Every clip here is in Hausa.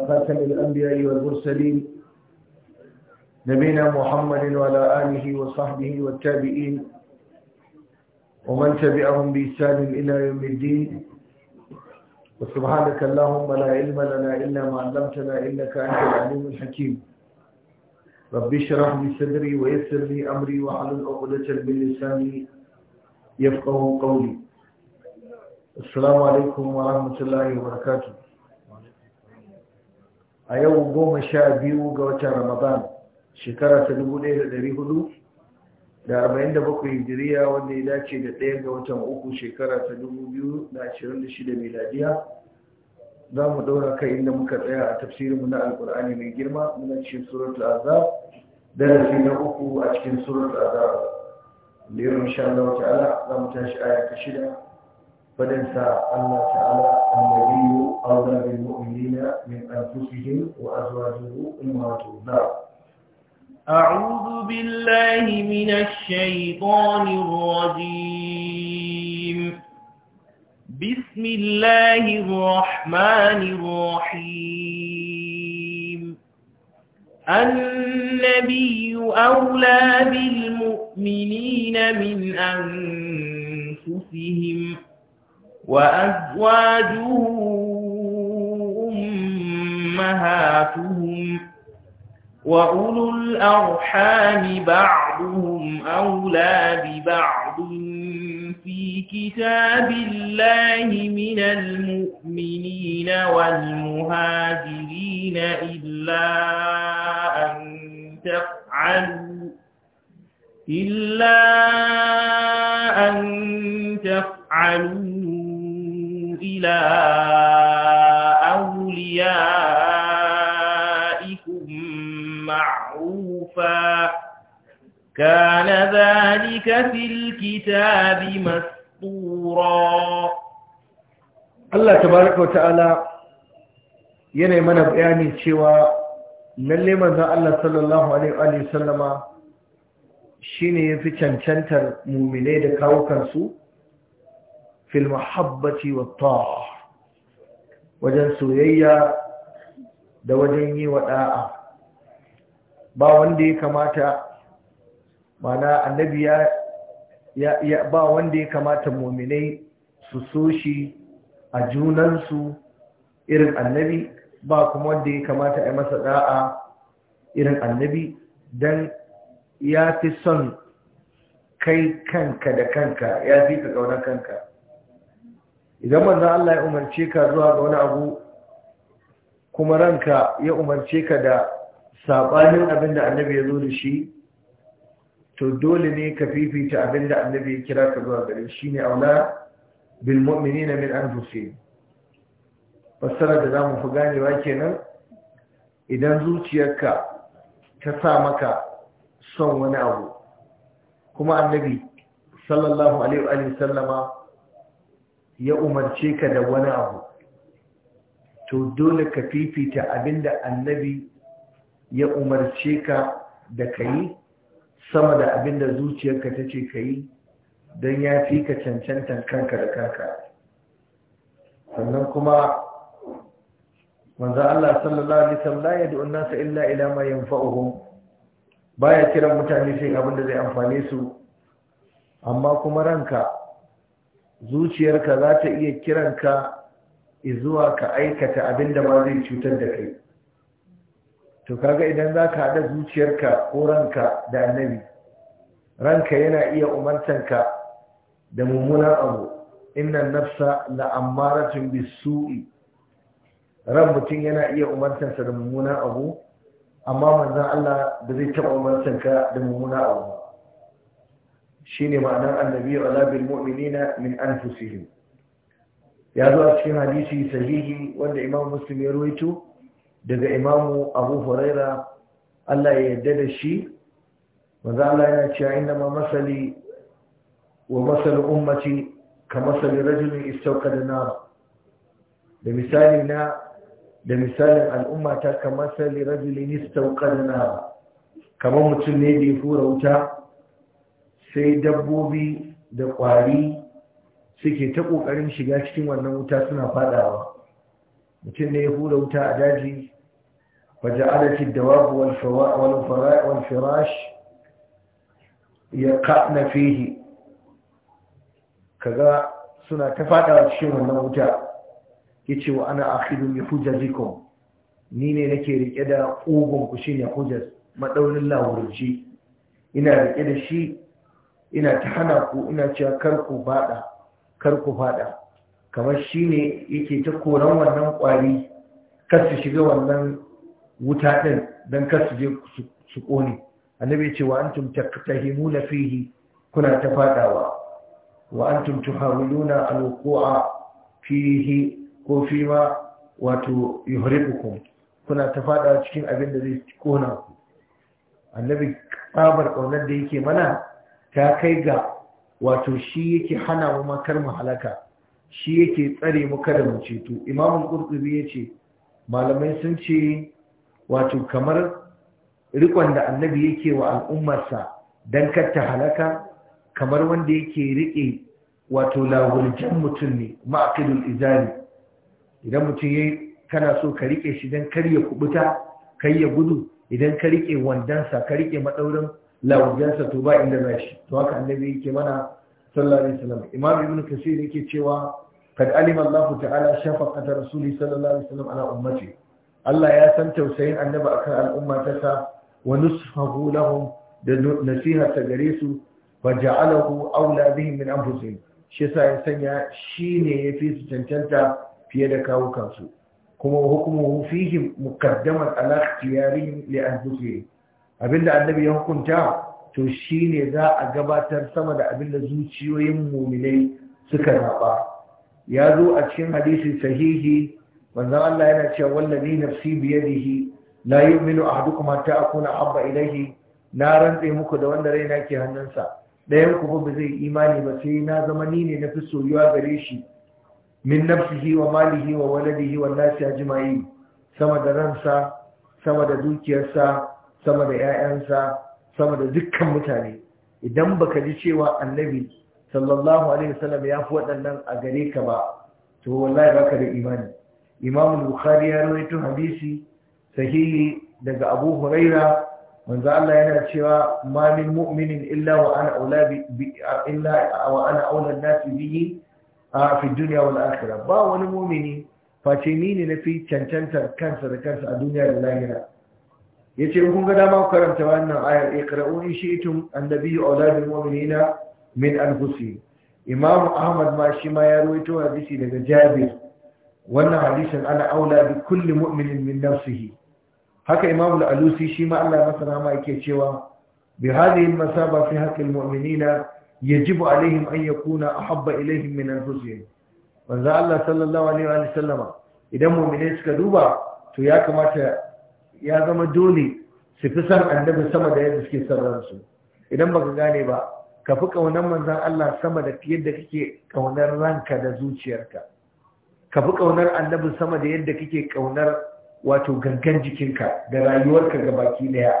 وخاتم الأنبياء والمرسلين نبينا محمد وعلى آله وصحبه والتابعين ومن تبعهم بإحسان إلى يوم الدين وسبحانك اللهم لا علم لنا إلا ما علمتنا إنك أنت العليم الحكيم رب اشرح لي صدري ويسر لي أمري واحلل عقدة من لساني يفقه قولي السلام عليكم ورحمة الله وبركاته a yau goma sha biyu ga watan ramadan shekara ta dubu ɗaya da ɗari hudu da arba'in da bakwai hijiriya wanda ya dace da ɗaya ga watan uku shekara ta dubu biyu da ashirin da shida miladiya za mu ɗaura kai inda muka tsaya a tafsirinmu na alkur'ani mai girma muna cikin suratul azab darasi na uku a cikin surat azab da yau insha Allah ta'ala za mu tashi aya ta shida فليس الله تعالى النبي أولى بالمؤمنين من أنفسهم وأزواجه أمهات النار نعم. أعوذ بالله من الشيطان الرجيم بسم الله الرحمن الرحيم النبي أولى بالمؤمنين من أنفسهم وأزواجه أمهاتهم وأولو الأرحام بعضهم أولى ببعض في كتاب الله من المؤمنين والمهاجرين إلا أن تفعلوا إلا أن تفعلوا إلى أوليائكم معروفا كان ذلك في الكتاب مسطورا الله تبارك وتعالى yana mana bayani cewa lalle manzon Allah sallallahu alaihi wa sallama shine yafi cancantar mu'mine da kawukansu fil mahabbati wa ta'a wajen soyayya da wajen yi wa da'a ba wanda ya kamata muminai su so shi a junansu irin annabi ba kuma wanda ya kamata a masa ɗa'a irin annabi Dan ya fi son kai kanka da kanka ya fi ka kanka idan manzan Allah ya umarce ka zuwa ga wani abu kuma ranka ya umarce ka da sabanin abin da annabi ya zo da shi to dole ne ka fifita abin da annabi ya kira ka zuwa gare shi ne aula bil mu'minina min anfusihim fassara da za mu fi ganewa kenan idan zuciyarka ta sa maka son wani abu kuma annabi sallallahu alaihi wa sallama ya umarce ka da wani abu to dole ka fifita abinda annabi ya umarce ka da ka yi sama da abinda zuciyarka ta ce ka yi don ya fi ka cancantar kanka da kanka sannan kuma wanzan Allah sallallahu alaihi wasallam ya da'un nasa illa ila ma ba baya kiran mutane sai abin da zai amfane su amma kuma ranka zuciyarka za ta iya kiranka zuwa ka aikata abin da ba zai cutar da kai to kaga idan za ka haɗa zuciyarka ko ranka da annabi ranka yana iya umartanka da mummunan abu inna nafsa la'ammaratun bisu'i ran mutum yana iya umartansa da mummunan abu amma manzan Allah ba zai taɓa umartanka da mummunan abu ba shine ma'anar annabi ala bil mu'minina min anfusihim ya zo a cikin hadisi sahihi wanda imam muslim ya ruwaito daga imamu abu huraira Allah ya yadda da shi maza Allah yana cewa inna ma masali wa masal ummati ka masali rajulin istauka da nar da misali na da misalin al'umma ta ka masali rajulin istauka da nar kamar mutum ne da ya fura wuta sai dabbobi da ƙwari suke ta ƙoƙarin shiga cikin wannan wuta suna faɗawa, mutum ne ya hura wuta a daji waje adalcin da wabu walfirash ya kaga suna ta faɗawa cikin wannan wuta ya ce wa ana akidun ya fuja zikon ni ne nake rike da ƙogon kushin ya fuja maɗaunin lawurci ina rike da shi ina ta hana ku ina cewa kar ku fada kar ku fada kamar shine yake ta koran wannan kwari kar su shiga wannan wuta din dan kar su je su kone annabi ya ce wa antum taqtahimuna fihi kuna ta fadawa wa antum tuhawiluna alwuqa fihi ko fi ma wato yuhribukum kuna ta fada cikin abin da zai kona ku annabi kabar kaunar da yake mana ta kai ga wato shi yake hana mu makar mu halaka shi yake tsare mu kada mu ceto imamun qurtubi yace malamai sun ce wato kamar rikon da annabi yake wa al'ummarsa dan katta halaka kamar wanda yake riƙe wato lahuljan mutum ne ma'akidul izari idan mutum yayi kana so ka riƙe shi dan kar ya kubuta kai ya gudu idan ka riƙe wandansa ka rike madaurin lawujansa to ba inda za shi to haka annabi yake mana sallallahu alaihi wasallam imam ibnu kasir yake cewa kad alima Allah ta'ala shafaqata rasuli sallallahu alaihi wasallam ala ummati Allah ya san tausayin annabi akan al'umma ta sa wa nusfahu lahum da nasiha ta gare su wa ja'alahu aula bihim min anfusihim shi yasa ya sanya shine yafi su cancanta fiye da kawo kansu kuma hukumu fihim muqaddaman ala ikhtiyarihim li anfusihim Abin da annabi ya hukunta to shi ne za a gabatar sama da abinda zuciyoyin muminai suka zaɓa ya zo a cikin hadisi sahihi manzon Allah yana cewa wallazi nafsi yadihi la yu'minu ahadukum hatta akuna Abba ilayhi na rantse muku da wanda raina ke hannunsa ɗayan ku ba zai imani ba sai na zama ni ne nafi soyuwa gare shi min nafsihi wa malihi wa waladihi wa nasi ajma'in sama da ransa sama da dukiyarsa sama da 'ya'yansa sama da dukkan mutane idan baka ji cewa annabi sallallahu alaihi wasallam ya fi waɗannan a gare ka ba to wallahi baka da imani imam bukhari ya rawaito hadisi sahihi daga abu huraira manzo Allah yana cewa ma min mu'minin illa wa ana aula bi illa wa ana aula fi dunya wal akhirah ba wani mu'mini face ni ne fi cancantar kansa da kansa a duniya da lahira Ya ce, kun ga dama ku karanta wannan ayar iqra'u in shi'tum annabiyyu auladul mu'minina min anfusihim imam ahmad ma shi ma ya rawaito hadisi daga jabir wannan hadisin ana aula bi kulli mu'minin min nafsihi haka imam al-alusi shi ma Allah masa rahama yake cewa bi hadhihi al-masaba fi haqqi al-mu'minina yajibu alaihim an yakuna ahabba ilaihim min anfusihim manzo Allah sallallahu alaihi wa sallama idan mu'mini suka duba to ya kamata ya zama dole su fi san annabi sama da yadda suke son ransu idan baka gane ba ka fi ƙaunar manzan Allah sama da yadda kake ƙaunar ranka da zuciyarka ka fi ƙaunar annabi sama da yadda kake kaunar wato gangan jikinka da rayuwarka ga baki daya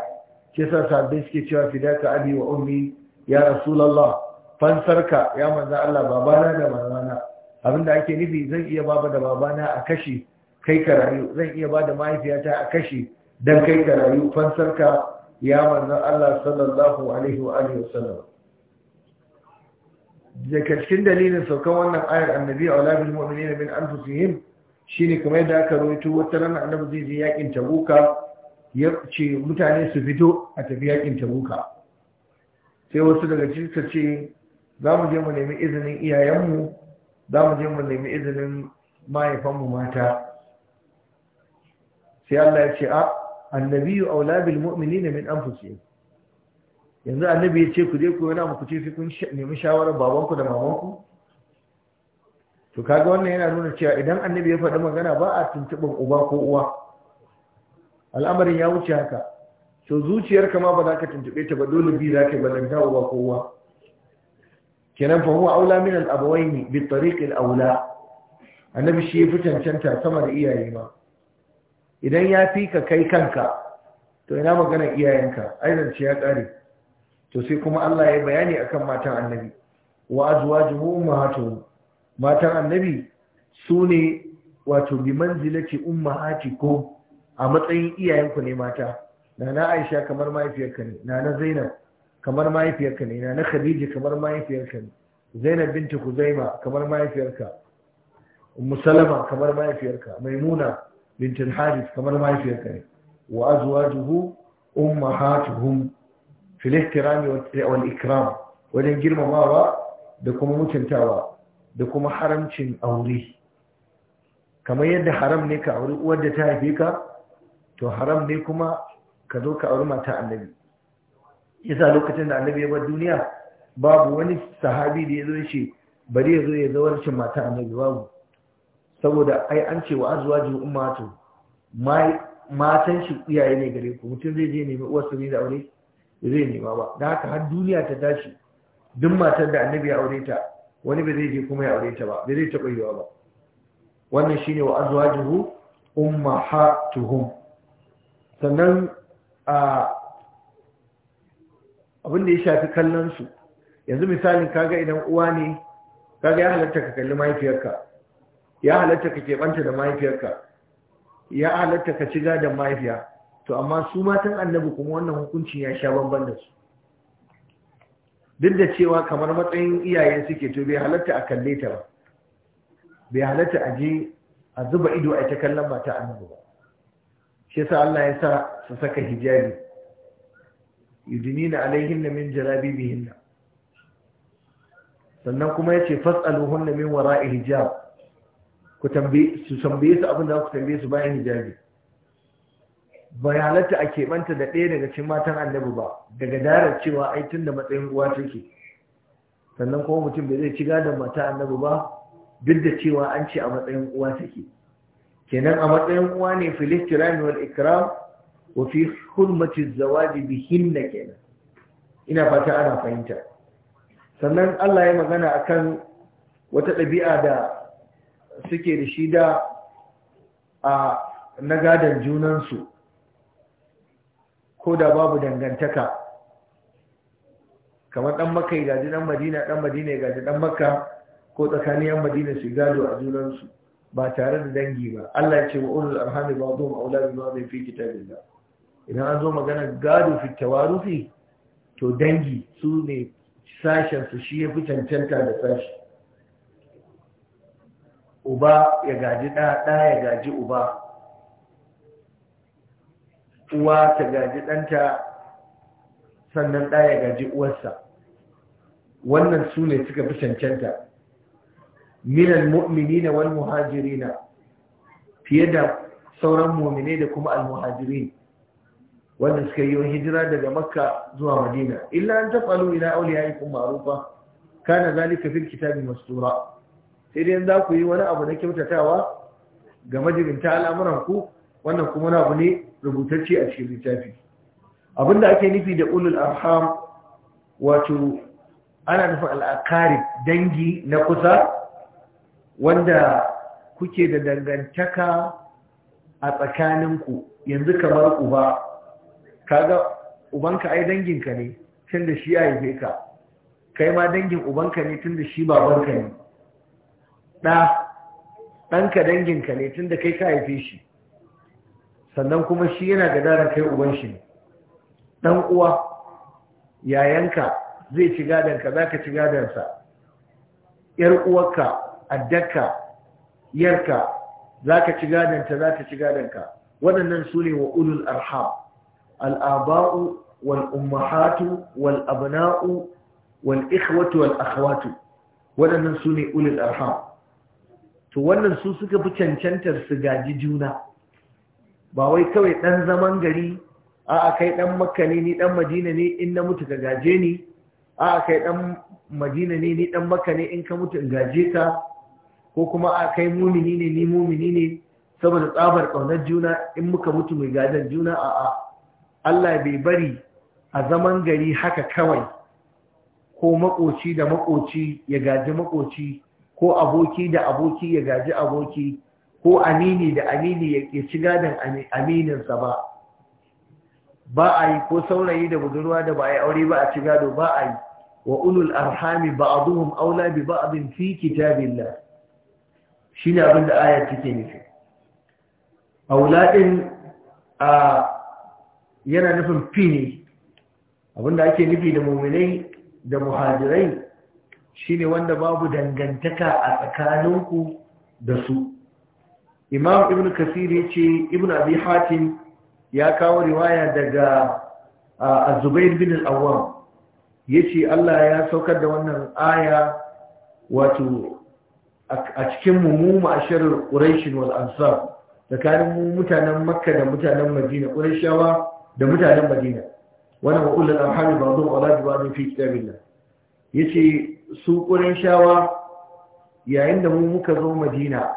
ke sa sabbi suke cewa fidaka abi wa ummi ya rasulullah fansarka ya manzan Allah babana da Abin da ake nufi zan iya baba da babana a kashi kai ka rayu zan iya ba da mahaifiyata a kashi dan kai ka rayu fansarka ya manzon Allah sallallahu alaihi wa alihi wasallam daga cikin dalilin saukan wannan ayar annabi a walabil mu'minina min anfusihim shine kamar yadda aka rawaito wata rana annabi zai je yakin tabuka ya ce mutane su fito a tafi yakin tabuka sai wasu daga cikin su ce za mu je mu nemi izinin iyayenmu za mu je mu nemi izinin mahaifanmu mata sai Allah ya ce a ah, annabi aula bil mu'minina min anfusihim yanzu annabi ya ce ku je ku yana muku ce sai kun nemi shawarar babanku da mamanku to kaga wannan yana nuna cewa idan annabi ya faɗi magana ba a tuntuɓin uba ko uwa al'amarin ya wuce haka to zuciyar ma ba za ka tuntuɓe ta ba dole bi za ka yi balanta uba ko uwa kenan fa huwa aula min al-abawaini bi tariq al-aula annabi shi ya fi cancanta sama da iyaye ma idan ya fi ka kai kanka to ina magana iyayenka aizance ya kare to sai kuma Allah ya bayani akan matan annabi wa azwajuhu ummahatuhum matan annabi su ne wato bi manzilati ko? a matsayin iyayenku ne mata nana Aisha kamar mahaifiyarka ne nana Zainab kamar mahaifiyarka ne nana Khadija kamar mahaifiyarka ne Zainab binti Kuzaima kamar mahaifiyarka Ummu Salama kamar mahaifiyarka Maimuna bintul haris kamar mahaifiyarka ne wa azwajuhu ummahatuhum fil ihtirami wal ikram wajen girmamawa da kuma mutuntawa da kuma haramcin aure kamar yadda haram ne ka auri uwar da ta haife ka to haram ne kuma ka zo ka auri mata annabi yasa lokacin da annabi ya bar duniya babu wani sahabi da ya zo shi bari ya zo ya zawarcin mata annabi babu saboda ai an ce wa azwajin ummatu matan shi iyaye ne gare ku mutum zai je nemi uwarsa ne da aure zai nema ba da haka har duniya ta tashi duk matar da annabi ya aure ta wani ba zai je kuma ya aure ta ba ba zai taɓa yi ba wannan shine wa azwajuhu ummahatuhum sannan a abin da ya shafi kallon su yanzu misalin kaga idan uwa ne kaga ya halatta ka kalli mahaifiyarka ya halatta ka keɓanta da mahaifiyarka ya halatta ka shiga da mahaifiya to amma su matan annabi kuma wannan hukunci ya sha bamban da su duk da cewa kamar matsayin iyaye suke to bai halatta a kalle ta ba bai halatta a je a zuba ido a ta kallon mata annabi ba shi yasa Allah ya sa su saka hijabi yudinina alaihinna min jalabibihinna sannan kuma ya yace fas'aluhunna min wara'i hijab ku tambaye su tambaye su abin da ku tambaye su bayan hijabi Ba halatta a keɓanta da ɗaya daga cikin matan annabi ba daga darar cewa ai tun da matsayin uwa take sannan kuma mutum bai zai ci gadon mata annabi ba duk da cewa an ce a matsayin uwa take kenan a matsayin uwa ne filistirani wal ikram wa fi hurmati zawaji da kenan ina fata ana fahimta sannan Allah ya magana akan wata ɗabi'a da suke da shi da a na gadon junansu ko da babu dangantaka kamar ɗan maka ya gaji ɗan madina ɗan madina ya gaji ɗan maka ko tsakanin yan madina su gado a junansu ba tare da dangi ba Allah ya ce wa ulul arhami ba'dhum awla bi ba'dhin fi kitabillah idan an zo magana gado fi tawarufi to dangi su ne sashen su shi fi cancanta da sashi uba ya gaji ɗa ɗa ya gaji uba uwa ta gaji ɗanta sannan ɗa ya gaji uwarsa wannan su ne suka fi cancanta minan mu'mini na wal muhajirina fiye da sauran mu'mini da kuma al-muhajirin wanda suka yi hijira daga makka zuwa madina illa an tafalu ila auliya ikun ma'rufa kana zalika fil kitabi mastura sai dai za ku yi wani abu na kyautatawa ga majibinta al'amuran ku wannan kuma na abu ne rubutacce a cikin littafi abinda ake nufi da ulul arham wato ana nufin al'akari dangi na kusa wanda kuke da dangantaka a tsakaninku yanzu kamar uba kaga ubanka ai danginka ne tun da shi ya haife ka kai ma dangin ubanka ne tun da shi babanka ne ɗa ɗanka danginka ne tun da kai ka haife shi sannan kuma shi yana daren kai uban shi ne ɗan uwa yayanka zai ci gadanka za ka ci sa. ‘yar uwarka addaka yarka za ka ci gadanta za ka ci ka. waɗannan su ne wa ulul arham abau wal ummahatu wal abna'u wal ikhwatu wal waɗannan su ne ulul arham to wannan su suka fi cancantar su gaji juna ba wai kawai ɗan zaman gari a kai ɗan makka ne ni ɗan madina ne in na mutu ka gaje ni a kai ɗan madina ne ni ɗan makka ne in ka mutu in gaje ka ko kuma a kai mumini ne ni mumini ne saboda tsabar ƙaunar juna in muka mutu mai gadon juna a a Allah bai bari a zaman gari haka kawai ko makoci da makoci ya gaji makoci ko aboki da aboki ya gaji aboki ko amini da amini ya ci gadon amininsa ba ba a yi ko saurayi da budurwa da ba a yi aure ba a ci gado ba a yi wa ulul arhami ba'dhum aula bi ba'dhin fi kitabillah ne abin da aya take nufi aula din a yana nufin fi ne abinda ake nufi da mu'minai da muhajirai shine wanda babu dangantaka a tsakaninku da su imam ibn kasir ya ce ibn abi hatim ya kawo riwaya daga azubair bin al'awam ya ce allah ya saukar da wannan aya wato a cikin mummu ma'ashar ƙurashin wal'ansar tsakanin mutanen makka da mutanen madina ƙurashawa da mutanen madina wannan wa'ulan alhari ba zuwa alaji ne fi kitabin nan ya ce su shawa yayin da mu muka zo madina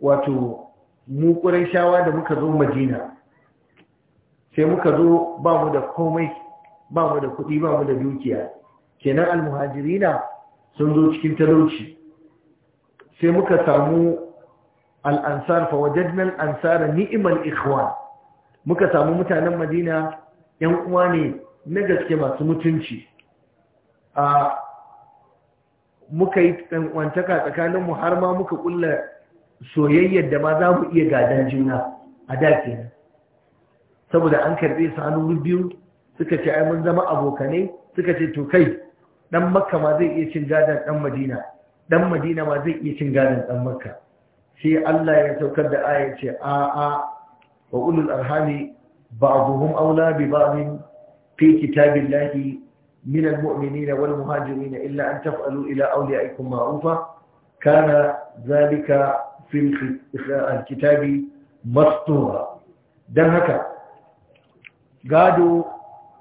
wato mu shawa da muka zo madina sai muka zo ba mu da komai ba mu da kuɗi ba mu da dukiya kenan almuhajirina sun zo cikin talauci sai muka samu al'ansar fawajadnan ansara ni'imal ikhwan muka samu mutanen madina yan uwa ne na gaske masu mutunci a ah, muka yi wantaka mu har ma muka kulla soyayyar da ma za mu iya gadan juna a da kenan saboda an karbe su hannu biyu suka ce ai mun zama abokanai suka ce to kai dan makka ma zai iya cin gadon dan madina dan madina ma zai iya cin gadon dan makka sai Allah ya saukar da aya ce a a wa ulul arhami ba'dhum awla bi ba'd fi kitabillahi من المؤمنين والمهاجرين إلا أن تفعلوا إلى أوليائكم معروفا كان ذلك في الكتاب مسطورا don haka gado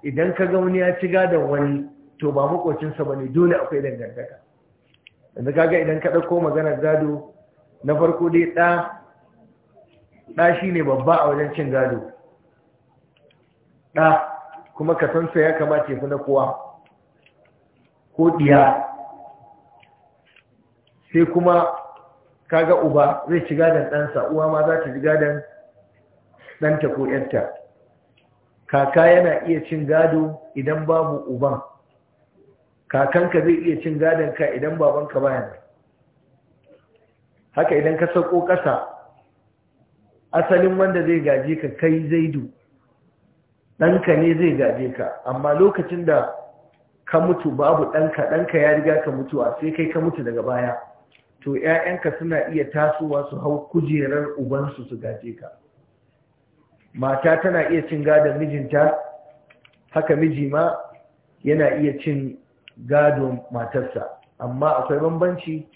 idan ka ga wani ya ci gadon wani to ba makocinsa ba ne dole akwai dangantaka yanzu kaga idan ka ɗauko maganar gado na farko dai ɗa ɗa shi ne babba a wajen cin gado ɗa kuma kasansa ya kamata ya fi na kowa ko diya sai kuma kaga uba zai ci gadon ɗansa uwa ma za ta ci gadon ɗanta ko ‘yanta kaka yana iya cin gado idan babu uban kakanka zai iya cin gadon ka idan babanka bayan haka idan ka sauko ƙasa asalin wanda zai gaje ka kai zaidu ɗanka ne zai gaje ka amma lokacin da ka mutu babu ɗanka ɗanka ya riga ka mutuwa sai kai ka mutu daga baya to ‘ya'yanka suna iya tasowa su hau kujerar ubansu su gaje ka mata tana iya cin gadon mijinta haka miji ma yana iya cin gado matarsa amma akwai bambanci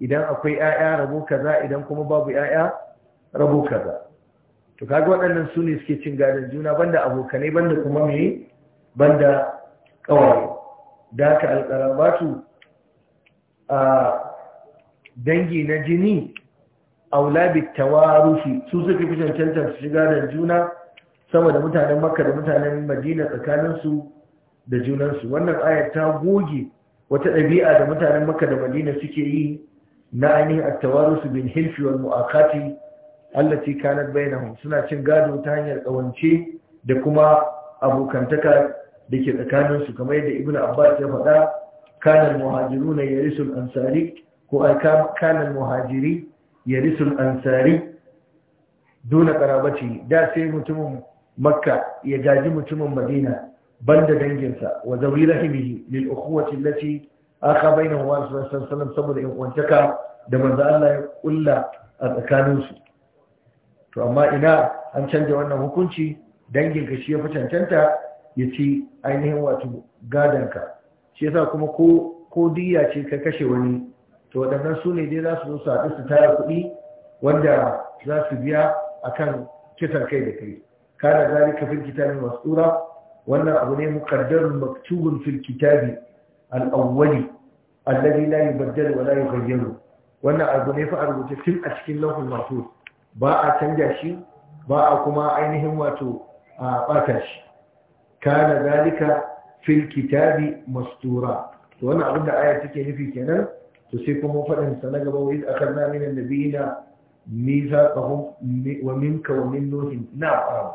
idan akwai ‘ya'ya rabo kaza idan kuma babu ‘ya'ya rabo kaza to kaga waɗannan su ne suke cin gadon juna banda abokanai banda kuma mai banda ƙawaye da haka a dangi na jini aulabit tawarufi su suka fi cancanta shiga da juna sama da mutanen makka da mutanen madina tsakaninsu da junansu wannan ayar ta goge wata ɗabi'a da mutanen makka da madina suke yi na ainihin tawarusu bin hilfi wal mu'akati allati kanat bainahum suna cin gado ta hanyar ƙawance da kuma abokantaka da ke tsakaninsu kamar yadda ibn abbas ya faɗa kanan muhajiru na yarisul ansari ko kanan muhajiri yarisul ansari dole karabaci da sai mutumin makka ya gaji mutumin madina banda danginsa wa zauri rahimihi lil ukhuwati aka bainahu wa sallallahu alaihi saboda in uwantaka da manzo Allah ya kulla a tsakaninsu to amma ina an canja wannan hukunci danginka shi ya fi cancanta ya ci ainihin wato gadanka shi yasa kuma ko ko diya ce ka kashe wani to waɗannan su ne dai za su zo su haɗu su tara kuɗi wanda za su biya a kan kisan kai da kai kana zalika fil kitabi masura wannan abu ne muqaddarun maktubun fil kitabi al-awwali la yubaddalu wa la yughayyaru wannan abu ne fa a rubuce tun a cikin lauhul mahfuz ba a canja shi ba a kuma ainihin wato a ɓata shi كان ذلك في الكتاب مستورا وانا عند آية تكي في كنا تسيكم وفرهم سنقب اذ أخذنا من النبيين ميثاقهم ومنك ومن نوح نعم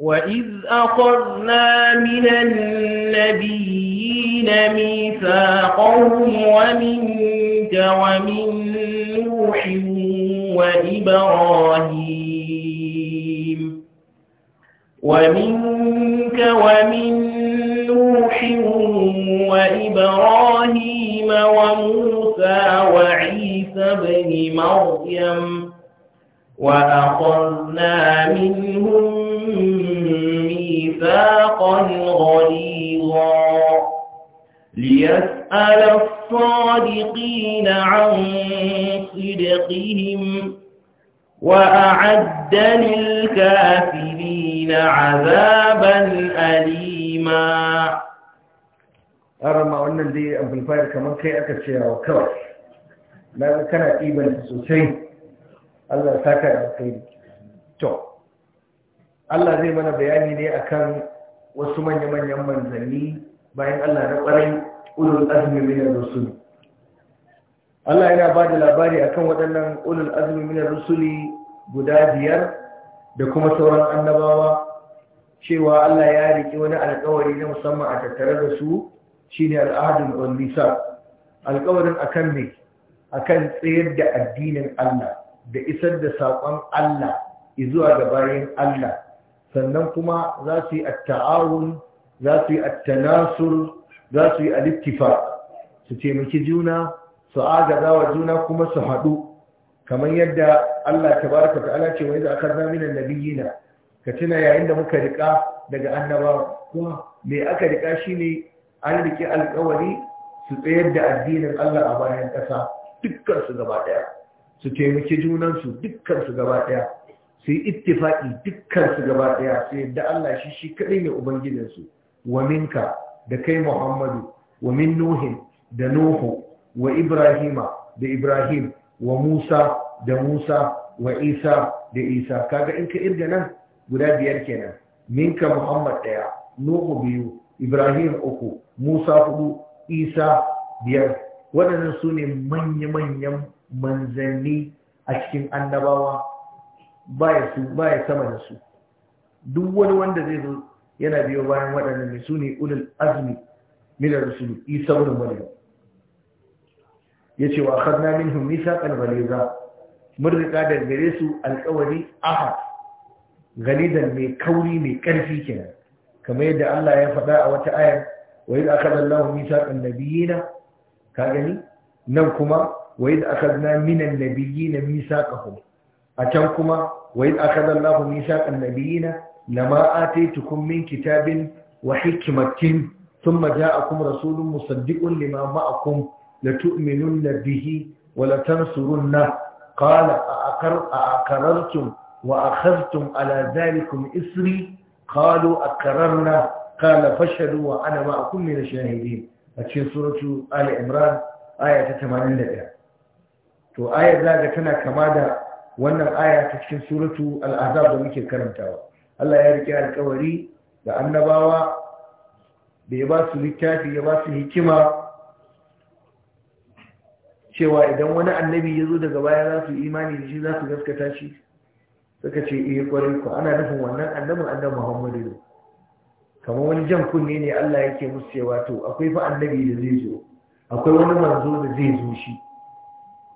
وإذ أخذنا من النبيين ميثاقهم ومنك ومن نوح وإبراهيم ومن ربك ومن نوح وإبراهيم وموسى وعيسى بن مريم وأخذنا منهم ميثاقا غليظا ليسأل الصادقين عن صدقهم وأعد للكافرين عذابا أليما أرى ما قلنا دي أمبلفاير كمان كي أكتشيها وكوي لا كان إيبا سوسي الله ساكا يعطيني تو Allah zai mana bayani ne akan wasu manya-manyan manzanni bayan Allah na ƙwarai ulul azmi min ar-rusul Allah yana ba da labari akan waɗannan ulul azumi minar rusuli guda biyar da kuma sauran annabawa cewa Allah ya riƙe wani alƙawari na musamman a tattare da su shine al'adun wannisa alƙawarin akan ne akan tsayar da addinin Allah da isar da saƙon Allah izuwa ga bayan Allah sannan kuma za su yi at-ta'awun za su yi at za su yi al su taimaki juna su agaza wa juna kuma su haɗu kamar yadda Allah ta ta ta'ala ce wa idza akhadna minan biyina, ka tuna yayin da muka rika daga annaba. kuma me aka rika ne an rike alƙawari su tsayar da addinin Allah a bayan ƙasa dukkan su gaba ɗaya. su taimaki junansu su dukkan su gaba ɗaya. su yi ittifaki dukkan su gaba ɗaya, su yadda Allah shi shi kadai ne ubangijinsu wa minka da kai Muhammadu wa min nuhin da Nuhu wa ibrahima da ibrahim wa musa da musa wa isa da isa kaga in ka irga nan guda biyar kenan minka muhammad daya nuhu biyu ibrahim uku musa hudu isa biyar waɗannan su ne manya-manyan manzanni a cikin annabawa ya sama da su duk wani wanda zai zo yana biyo bayan waɗannan ne su ne ulul azmi milar rusulu isa wurin maryam Ya ce, wa akhadna minhum mithaqan ghaliza mun riƙa da gare su alƙawari ahad ghalidan mai kauri mai ƙarfi kenan kamar yadda Allah ya faɗa a wata ayar wa idh akhadha Allahu mithaqan nabiyina ka gani nan kuma wa idh akhadna minan nabiyina mithaqahum a can kuma wa aka akhadha Allahu mithaqan nabiyina lama ataitukum min kitabin wa hikmatin thumma ja'akum rasulun musaddiqun lima ma'akum لتؤمنن به ولتنصرنه قال أأقررتم وأخذتم على ذلكم إسري قالوا أقررنا قال فاشهدوا وأنا معكم من الشاهدين أتشين سورة آل عمران آية 81 to ayar zaga tana kama da wannan aya ta cikin suratu al'azab da muke karantawa Allah ya rike alkawari da annabawa da ya ba su littafi ya ba su hikima cewa idan wani annabi ya zo daga baya za su imani da shi za su gaskata shi suka ce iya eh, kwarai ku ana nufin wannan annabin annabi muhammadu ne kamar wani jan kunne ne allah yake musu cewa to akwai fa annabi da zai zo akwai wani manzo da zai zo shi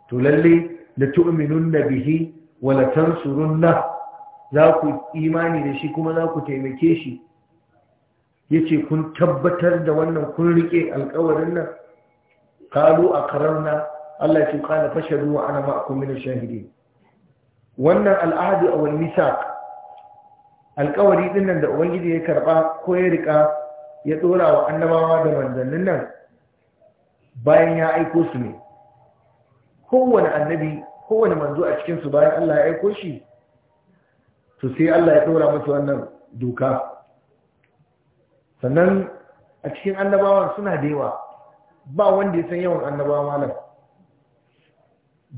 to lalle la na bihi wa la tansurunna za ku imani da shi kuma za ku taimake shi yace kun tabbatar da wannan kun rike alƙawarin nan karar na. Allah ya ce kana fashadu wa ana ma'akum min ash wannan al'adu a al-misaq alƙawari din nan da ubangiji ya karba ko ya rika ya dora wa annabawa da manzannin nan bayan ya aiko su ne kowane annabi kowane manzo a cikin su bayan Allah ya aiko shi to sai Allah ya dora musu wannan doka sannan a cikin annabawan suna da yawa ba wanda ya san yawan annabawa malam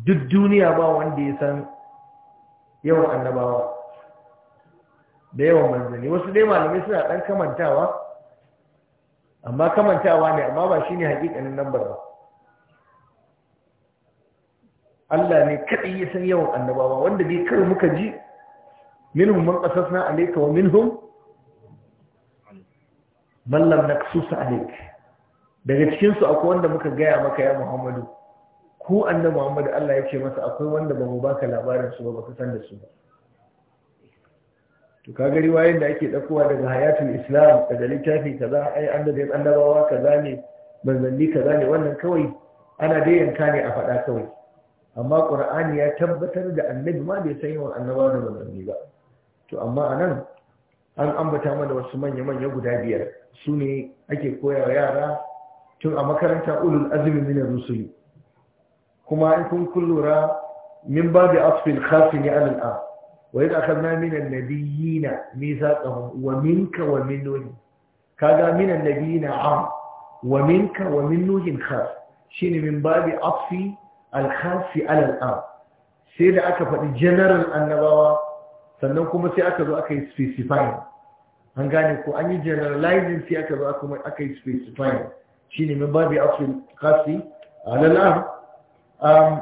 duk duniya ba wanda ya san yawan annabawa da yawan manzanni wasu dai malamai suna ɗan kamantawa amma kamantawa ne amma ba shine hakikanin lambar ba Allah ne kaɗai ya san yawan annabawa wanda dai kar muka ji minhum man qasasna alayka wa minhum man lam naqsus alayka daga cikin su akwai wanda muka gaya maka ya Muhammadu ko annabi Muhammad Allah ya ce masa akwai wanda ba mu baka labarin su ba baka san da su ba to kaga riwayoyin da ake dakowa daga hayatul islam daga littafi kaza ai annabi annabawa kaza ne manzanni kaza ne wannan kawai ana dai yanka ne a faɗa kawai amma qur'ani ya tabbatar da annabi ma bai san yawan annabawa da manzanni ba to amma anan an ambata mana wasu manya-manya guda biyar su ne ake koya wa yara tun a makaranta ulul azumi minar rusuli kuma in kun kullura min babu asfin khafi ne alal a wa yadda aka na minan nabiyina mizaqahum wa minka wa min nuhin kaga minan nabiyina a wa minka wa min nuhin khas shine min babu asfi al alal a sai da aka faɗi general annabawa sannan kuma sai aka zo aka yi specifying an gane ko an yi generalizing sai aka zo aka yi specifying ne min babu asfin khafi alal a Um,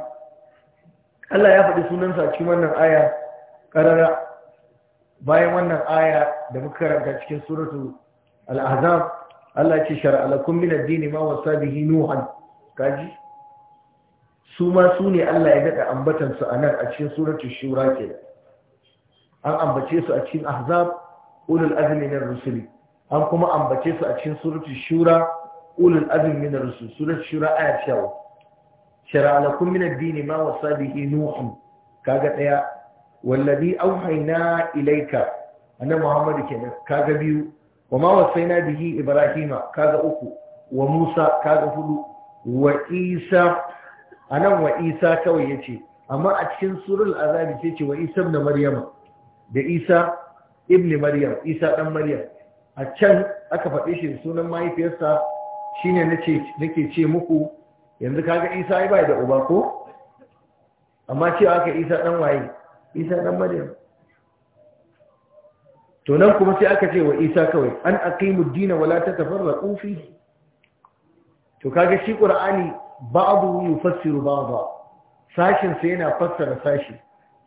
Allah ya faɗi sunansa a cikin wannan aya ƙarara bayan wannan aya da muka karanta cikin suratu al’azam Allah ce shara’alakun min addini ma wasa bihi nuhan kaji su ma su ne Allah ya daɗa ambatansu a nan a cikin suratul shura ke an ambace su a cikin ahzab ulul azmi na rusuli an kuma ambace su a cikin suratul shura ulul azmi na rusuli suratul shura aya cewa shara lakum min Dini ma wasa bihi nuh kaga daya wallazi auhaina ilaika annabi Muhammadu kenan kaga biyu wa ma wasaina bihi ibrahima kaga uku wa musa kaga hudu wa isa anan wa isa kawai yace amma a cikin surul azabi sai ce wa isa ibn maryama da isa ibn maryam isa dan maryam a can aka faɗe shi sunan mahaifiyarsa shine nace nake ce muku yanzu kaga isa ya bai da uba ko amma cewa aka isa dan waye isa dan maryam to nan kuma sai aka ce wa isa kawai an aqimu ad-din wa la tatafarraqu fi to kaga shi qur'ani ba'du yufassiru ba'da sashin sa yana fassara sashi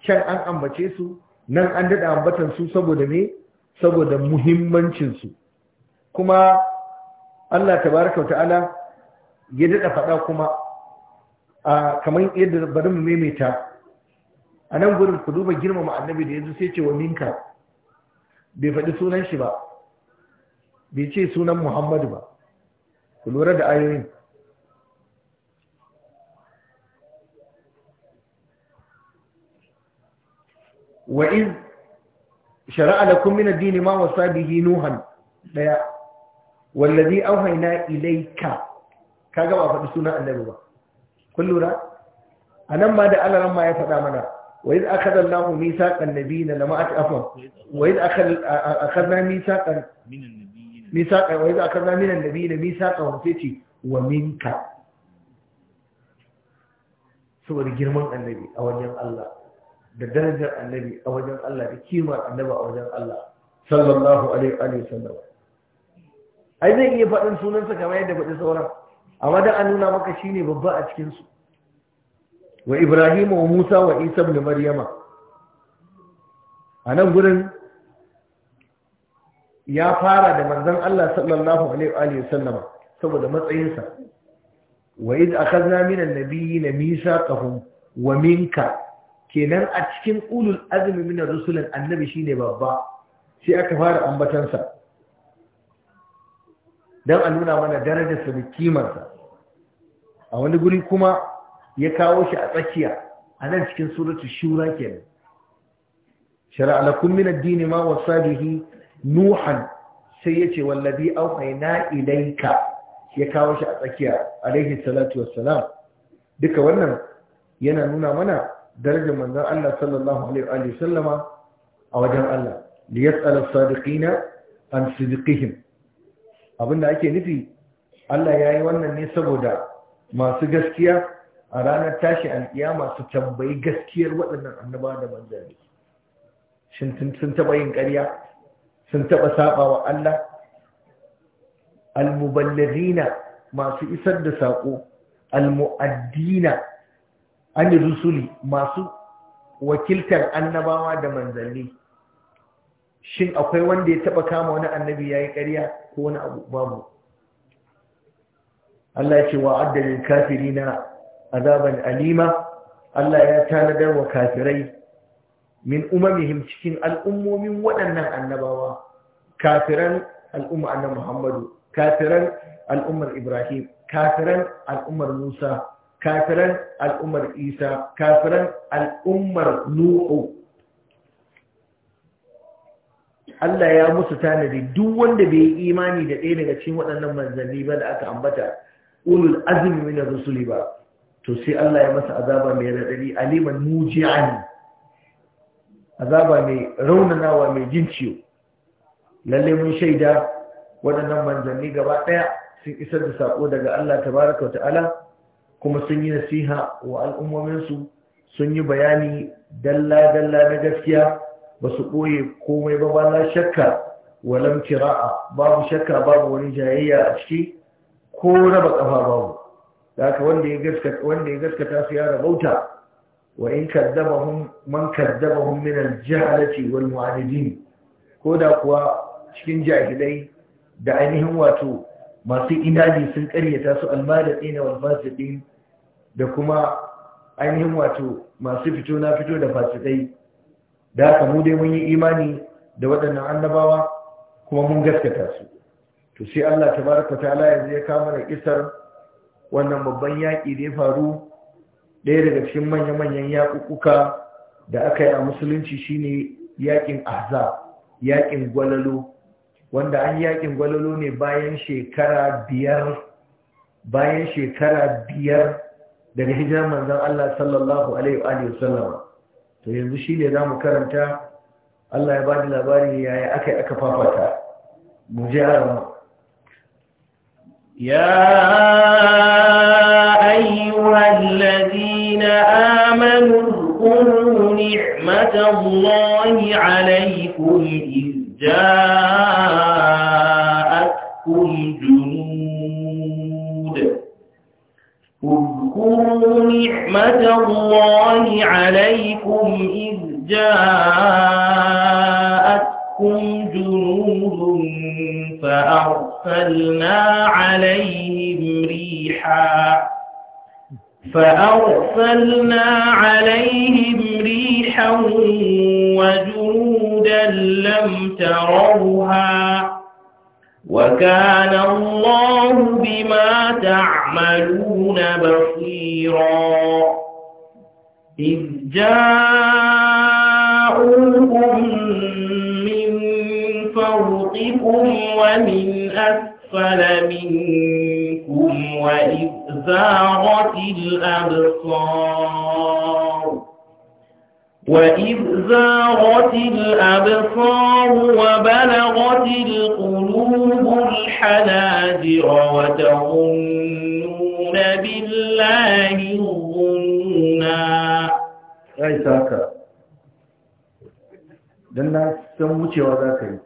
can an ambace su nan an dada ambatan su saboda me saboda muhimmancin su kuma Allah tabaaraka ta'ala ya daɗa faɗa kuma a kamar yadda bari mu maimaita a nan gurin ku duba girmama annabi da yanzu sai ce wa Ninka. bai faɗi sunan shi ba bai ce sunan muhammadu ba ku lura da ayoyin wa shari'a da min ad ma wasa bihi nuhan daya wallazi auhayna ilaika. kaga ba faɗi suna annabi ba kun lura a nan ma da alaran ma ya faɗa mana wa iz akhadha Allahu mithaqan nabiyina lama atafam wa iz akhadha mithaqan minan nabiyina mithaqan wa iz akhadha minan nabiyina mithaqan wa fiti wa minka saboda girman annabi a wajen Allah da darajar annabi a wajen Allah da kima annabi a wajen Allah sallallahu alaihi wa sallam ai zai iya faɗin sunansa kamar yadda faɗi sauran amma da an nuna maka shi ne babba a cikin wa Ibrahim wa Musa wa Isa ibn Maryama a nan gurin ya fara da manzon Allah sallallahu alaihi wa sallama saboda matsayinsa wa iz akhadna minan nabiyyin mithaqahum wa minka kenan a cikin ulul azmi min rusulin annabi shine babba sai aka fara ambatansa don a nuna mana darajarsa da kimarsa a wani guri kuma ya kawo shi a tsakiya a nan cikin suratu shura kenan shari'a lakum min ad-din ma wasa bihi nuhan sai yace wallazi idan ilayka ya kawo shi a tsakiya alaihi salatu wassalam duka wannan yana nuna mana darajar manzon Allah sallallahu alaihi wa sallama a wajen Allah li yas'al as-sadiqina an sidqihim abinda ake nufi Allah ya yi wannan ne saboda masu gaskiya a ranar tashi alkiyama su tambayi gaskiyar waɗannan annaba da manzanni shin sun taɓa yin ƙarya sun taɓa saɓa wa Allah almuballazina masu isar da saƙo almu'addina an rusuli masu wakiltar annabawa da manzanni shin akwai wanda ya taba kama wani annabi yayi ƙarya ko wani abu babu Allah ya ce wa addalil kafirina azaban alima Allah ya tanadar wa kafirai min umamihim cikin al'ummomin waɗannan annabawa kafiran al'umma annabi Muhammadu kafiran al'ummar Ibrahim kafiran al'ummar Musa kafiran al'ummar Isa kafiran al'ummar Nuhu Allah ya musu tanadi duk wanda bai yi imani da ɗaya daga cikin waɗannan manzanni ba da aka ambata ulul azmi min rusuli ba to sai Allah ya masa azaba mai radadi aliman muji'an azaba mai raunanawa mai jin ciwo lalle mun shaida waɗannan manzanni gaba ɗaya sun isar da sako daga Allah tabaraka wa ta'ala kuma sun yi nasiha wa al'ummominsu sun yi bayani dalla-dalla na gaskiya ba su ɓoye komai ba ba na shakka walam kira'a babu shakka babu wani jayayya a ciki ko raba kafa babu da haka wanda ya gaskata wanda ya su ya rabauta wa in kaddabahum man kaddabahum min al-jahalati wal mu'anidin ko da kuwa cikin jahilai da ainihin wato masu inadi sun karyata su almadadin wal fasidin da kuma ainihin wato masu fito na fito da fasidai. da haka mu dai mun yi imani da waɗannan annabawa kuma mun gaskata su to sai Allah tabaraka ta'ala yanzu ya kama da kisar wannan babban yaƙi da ya faru ɗaya daga cikin manya-manyan yaƙuƙuka da aka yi a musulunci shine yaƙin ahza yaƙin gwalalo wanda an yaƙin gwalalo ne bayan shekara biyar bayan shekara biyar daga hijirar manzon Allah sallallahu alaihi wa sallama to yanzu shi ne za mu karanta Allah ya bada labari yaya aka aka fafata mu ji arama ya ayyuhal ladina amanu qulu ni'matallahi alaykum iz ja'akum نعمة الله عليكم إذ جاءتكم جنود فأرسلنا عليهم ريحا فأرسلنا عليهم ريحا وجنودا لم تروها وكان الله بما تعملون بصيرا إذ جاءوكم من فوقكم ومن أسفل منكم وإذ زاغت الأبصار وَإِذْ زَاغَتِ الْأَبْصَارُ وَبَلَغَتِ الْقُلُوبُ الْحَنَاجِرَ وَتَظُنُّونَ بِاللَّهِ الظنا أي ساكا دلنا سموتي وذاكي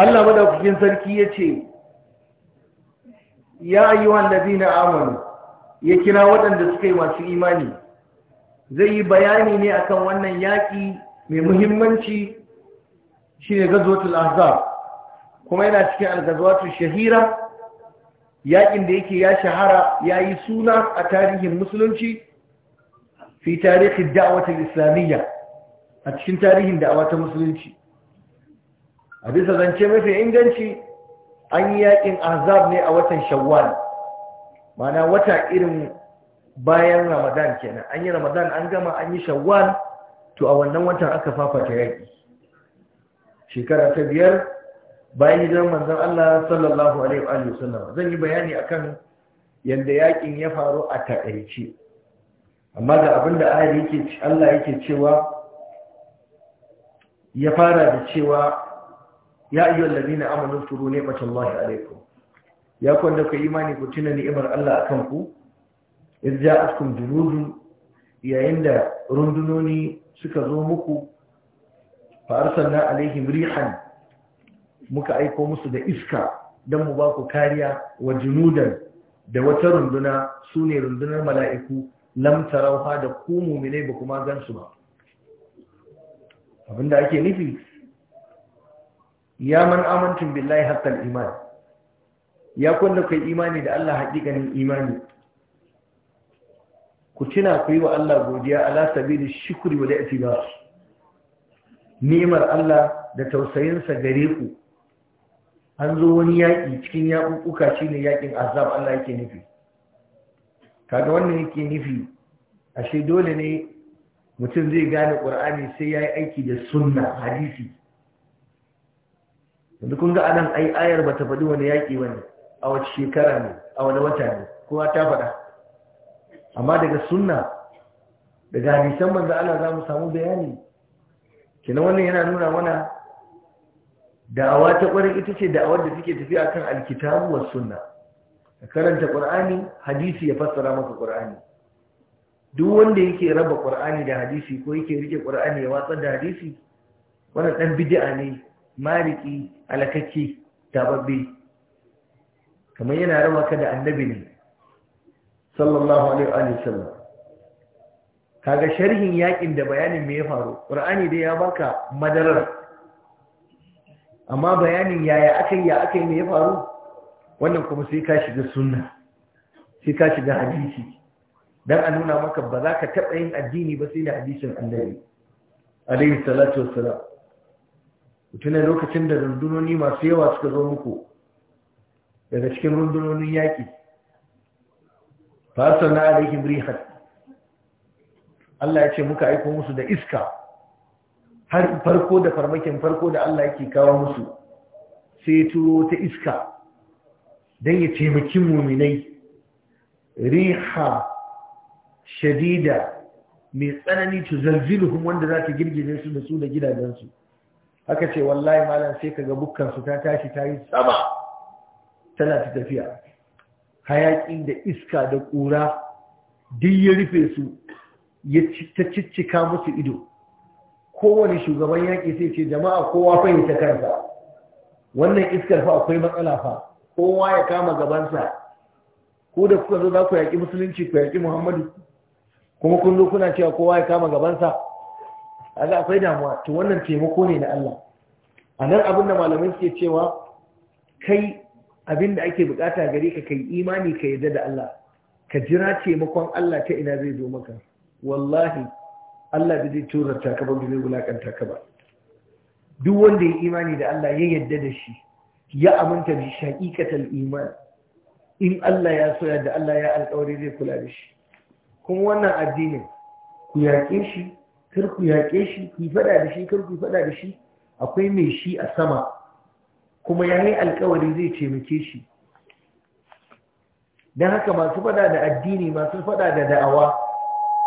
الله بدأ في جنس الكية يا أيها الذين آمنوا يكنا ودن دسكي واسي إيماني zai yi bayani ne akan wannan yaƙi mai muhimmanci shi ne ahzab kuma yana cikin algazotul shahira yaƙin da yake ya shahara ya yi suna a tarihin musulunci fi tarihin da'awatul islamiyya a cikin tarihin dawata musulunci a bisa zance mafi inganci an yi yaƙin azab ne a watan shawwal mana wata irin bayan ramadan kenan an yi ramadan an gama an yi shawwal to a wannan watan aka fafata yaƙi shekara ta biyar bayan gidan manzan Allah sallallahu alaihi wa sallam zan yi bayani akan yadda yaƙin ya faru a taƙaice amma da abin da ayar yake Allah yake cewa ya fara da cewa ya ayyuhal ladina amalin turu ne alaikum ya kwanda ku imani ku tuna ni'imar Allah akan ku iz ja'atkum junudun yayin da rundunoni suka zo muku fa arsalna alaihim rihan muka aiko musu da iska dan mu ba ku kariya wa junudan da wata runduna sune rundunar mala'iku lam tarauha da ku mu'minai ba kuma gansu ba abinda ake nufi ya man amantum billahi hatta al-iman ya kun da kai imani da Allah haƙiƙanin imani ku tuna ku yi wa Allah godiya ala sabili shukri wa ba. ni'mar Allah da tausayinsa gare ku an zo wani yaki cikin yaƙuƙuka shine yakin azab Allah yake nufi kaga wannan yake nufi ashe dole ne mutum zai gane ƙur'ani sai yayi aiki da sunna hadisi yanzu kun ga anan ai ayar bata ta faɗi wani yaki wani a wace shekara ne a wani wata ne kowa ta faɗa amma daga sunna daga hadisan manzo Allah za mu samu bayani kina wannan yana nuna mana da'awa ta ƙwarin ita ce da'awar da take tafi akan alkitabu was sunna karanta qur'ani hadisi ya fassara maka qur'ani duk wanda yake raba qur'ani da hadisi ko yake rike qur'ani ya watsar da hadisi wannan dan bid'a ne maliki alakaki tababbi kamar yana raba ka da annabi ne sallallahu alaihi wa sallam kaga sharhin yakin da bayanin me ya faru qur'ani dai ya baka madarar amma bayanin yaya akai ya akai me ya faru wannan kuma sai ka shiga sunna sai ka shiga hadisi dan a nuna maka ba za ka taɓa yin addini ba sai da hadisin annabi alaihi salatu wassalam tuna lokacin da rundunoni masu yawa suka zo muku daga cikin rundunonin yaki. fasana alaihim rihan Allah ya ce muka aiko musu da iska har farko da farmakin farko da Allah yake kawo musu sai turo ta iska don ya taimaki muminai riha shadida mai tsanani tuzalziluhum wanda za ta girgize su da su da gidajensu haka ce wallahi malam sai kaga bukkan su ta tashi tayi yi sama tana ta tafiya hayaƙi da iska da ƙura duk ya rufe su ya ta ciccika musu ido kowane shugaban yaƙi sai ce jama'a kowa fahimta kansa wannan iskar fa akwai matsala fa kowa ya kama gabansa ko da kuka zo za ku yaƙi musulunci ku yaƙi muhammadu kuma kun zo kuna cewa kowa ya kama gabansa aga akwai damuwa to wannan taimako ne na Allah a nan abin da malamai suke cewa kai abin da ake bukata gare ka kai imani ka yarda da Allah ka jira taimakon Allah ta ina zai zo maka wallahi Allah da zai tozarta ka ba zai wulakanta ka ba duk wanda ya imani da Allah ya yarda da shi ya aminta bi shaqiqatal iman in Allah ya so da Allah ya alƙawari zai kula da shi kuma wannan addinin ku yaƙe shi kar ku yaƙe shi ku faɗa da shi kar ku faɗa da shi akwai mai shi a sama kuma ya yi alkawari zai taimake shi don haka masu fada da addini masu fada da da'awa